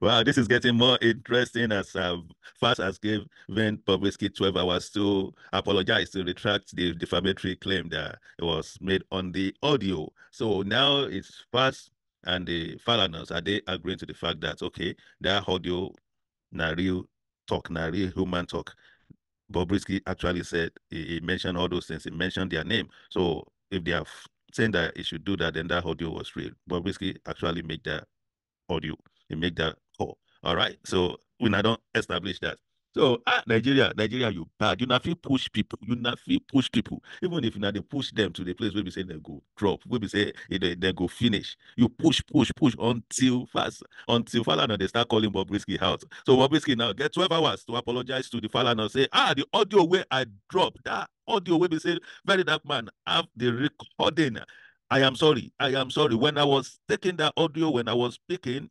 wow, this is getting more interesting as uh, fast as given Publisky 12 hours to apologize to retract the defamatory claim that it was made on the audio. So now it's fast and the Falanas, are they agreeing to the fact that, okay, that audio, na real talk, na real human talk, Bobrisky actually said, he, he mentioned all those things, he mentioned their name. So if they have saying that he should do that, then that audio was real. Bobrisky actually made that audio they make that call. All right. So when I don't establish that. So ah, Nigeria, Nigeria, you bad. You not feel push people. You not feel push people. Even if you not they push them to the place where we say they go drop, where we say they, eh, they go finish. You push, push, push until fast, until Falana they start calling Bobrisky out. So Bobrisky now get 12 hours to apologize to the Falana. Say, ah, the audio where I dropped that audio where we say very dark man have the recording. I am sorry. I am sorry. When I was taking that audio, when I was speaking,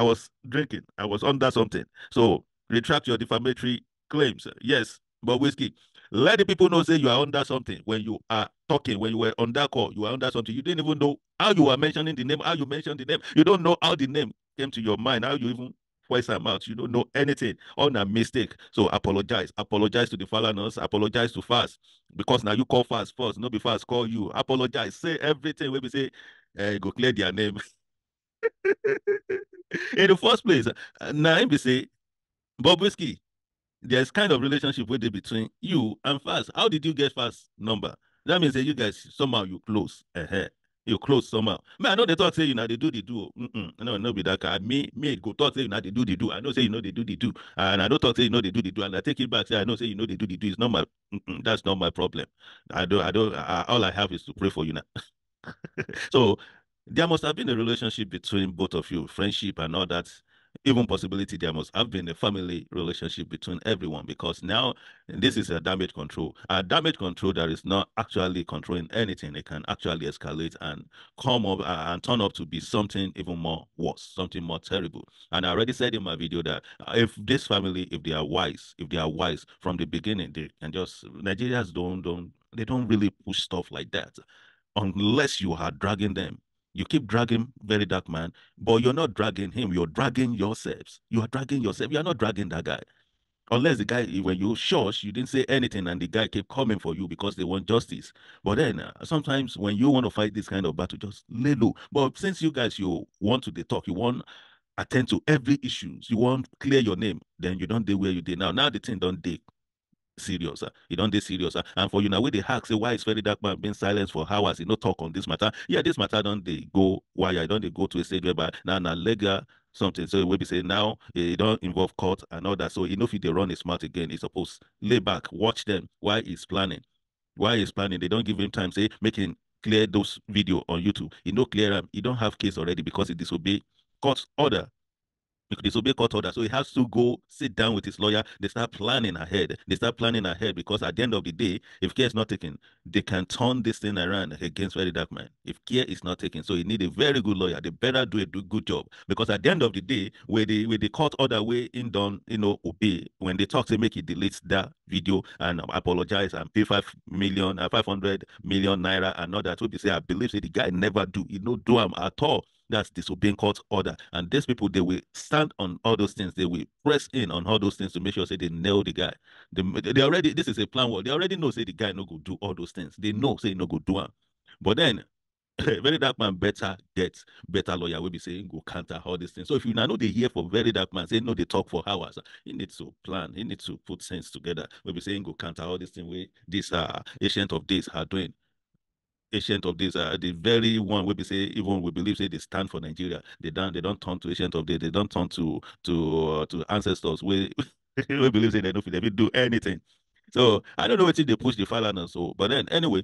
I was drinking. I was under something. So retract your defamatory claims. Yes, but whiskey. Let the people know, say you are under something when you are talking, when you were on that call, you are under something. You didn't even know how you were mentioning the name, how you mentioned the name. You don't know how the name came to your mind, how you even voice them out. You don't know anything on a mistake. So apologize. Apologize to the followers. Apologize to fast. Because now you call fast first. Not be fast, call you. Apologize. Say everything. When we say, eh, go clear their name. in the first place, now I say, Bob Whiskey, there's kind of relationship with it between you and fast. How did you get fast number? That means that you guys somehow you close ahead. You close somehow. Man, I know they talk say you know they do the do. Mm-mm. No, no be that kind. Me, me go talk say you know they do the do. I know say you know they do the do, and I don't talk say you know they do the do, and I take it back say I know say you know they do the do. It's not my. Mm-mm. That's not my problem. I don't. I don't. I, all I have is to pray for you now. so there must have been a relationship between both of you, friendship and all that. Even possibility there must have been a family relationship between everyone because now this is a damage control. A damage control that is not actually controlling anything. It can actually escalate and come up uh, and turn up to be something even more worse, something more terrible. And I already said in my video that uh, if this family, if they are wise, if they are wise from the beginning, they can just Nigerians don't don't they don't really push stuff like that unless you are dragging them you keep dragging very dark man, but you're not dragging him. You're dragging yourselves. You are dragging yourself. You are not dragging that guy. Unless the guy, when you shush, you didn't say anything and the guy kept coming for you because they want justice. But then uh, sometimes when you want to fight this kind of battle, just lay low. But since you guys, you want to talk, you want attend to every issues, you want clear your name, then you don't do where you did now. Now the thing don't dig serious. He ah. don't they serious. Ah. And for you now, with the hack, say why is very dark man been silenced for hours? He no talk on this matter. Yeah, this matter don't they go why I don't they go to a stage but now now legal something. So we be say now it don't involve court and all that. So he know if they run his mouth again, he's supposed lay back, watch them. Why he's planning? Why he's planning? They don't give him time. Say making clear those video on YouTube. He no clear him. He don't have case already because he disobey court order disobey court order. So he has to go sit down with his lawyer. They start planning ahead. They start planning ahead because at the end of the day, if care is not taken, they can turn this thing around against very dark man. If care is not taken, so he need a very good lawyer. They better do a good job because at the end of the day, with the with the court order way in done, you know, obey when they talk, they make it delete that video and apologize and pay five million, uh, five hundred million naira and all that. So they say, I believe say the guy never do, he no do him at all. That's disobeying court order. And these people, they will stand on all those things. They will press in on all those things to make sure say they nail the guy. They, they already, this is a plan. Well, they already know say the guy no go do all those things. They know say no go do him. But then very dark man better get better lawyer will be saying go counter all these things. So if you now know they hear for very dark man, say no, they talk for hours. He needs to plan, he needs to put things together. We'll be saying go counter all these things we this uh ancient of this are doing. Ancient of this are uh, the very one we be say even we believe say they stand for Nigeria. They don't they don't turn to ancient of this. they don't turn to to uh, to ancestors. We we believe say they don't they do anything. So I don't know what they push the Falanas so oh, but then anyway,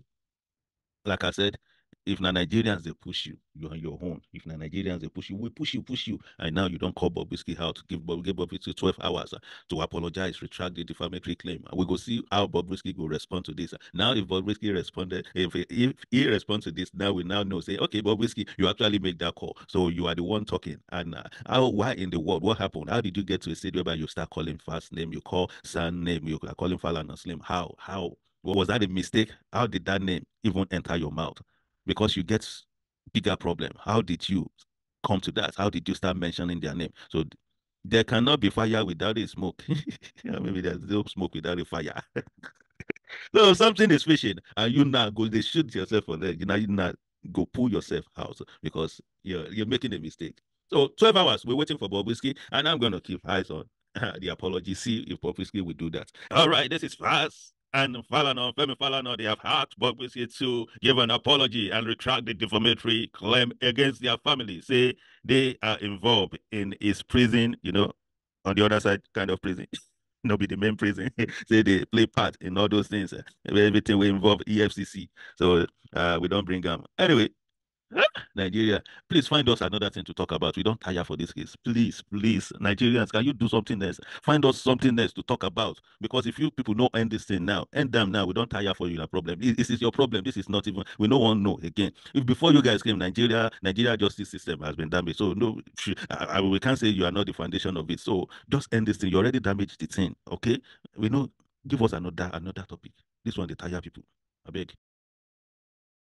like I said, if the Nigerians they push you, you're on your own. If the Nigerians they push you, we push you, push you, and now you don't call Bob Whiskey out, give Bob give Bob Whiskey 12 hours uh, to apologize, retract the defamatory claim. We go see how Bob Whiskey will respond to this. Now, if Bob Whiskey responded, if if he responds to this, now we now know say, okay, Bob Whiskey, you actually make that call, so you are the one talking. And uh, how why in the world what happened? How did you get to a state whereby you start calling first name, you call son name, you are calling father name? How how? Was that a mistake? How did that name even enter your mouth? because you get bigger problem. How did you come to that? How did you start mentioning their name? So there cannot be fire without a smoke. Maybe there's no smoke without a fire. so something is fishing, and you now go, they shoot yourself on that. You now you now go pull yourself out because you're you're making a mistake. So 12 hours, we're waiting for Bobrisky, and I'm gonna keep eyes on the apology. See if Bobrisky will do that. All right, this is fast and Falano, Femi Falano, they have had Bobisi to give an apology and retract the defamatory claim against their family. Say they are involved in his prison, you know, on the other side, kind of prison. not be the main prison. Say they play part in all those things. Eh, everything will involve EFCC. So uh, we don't bring them. Anyway, Nigeria, please find us another thing to talk about. We don't tire for this case. Please, please, Nigerians, can you do something else? Find us something else to talk about. Because if you people know end this thing now, end them now. We don't tire for you. A problem. This is your problem. This is not even. We no one know again. If before you guys came, Nigeria, Nigeria justice system has been damaged. So no, I, I, we can't say you are not the foundation of it. So just end this thing. You already damaged the thing. Okay, we know. Give us another another topic. This one the tire people. I beg.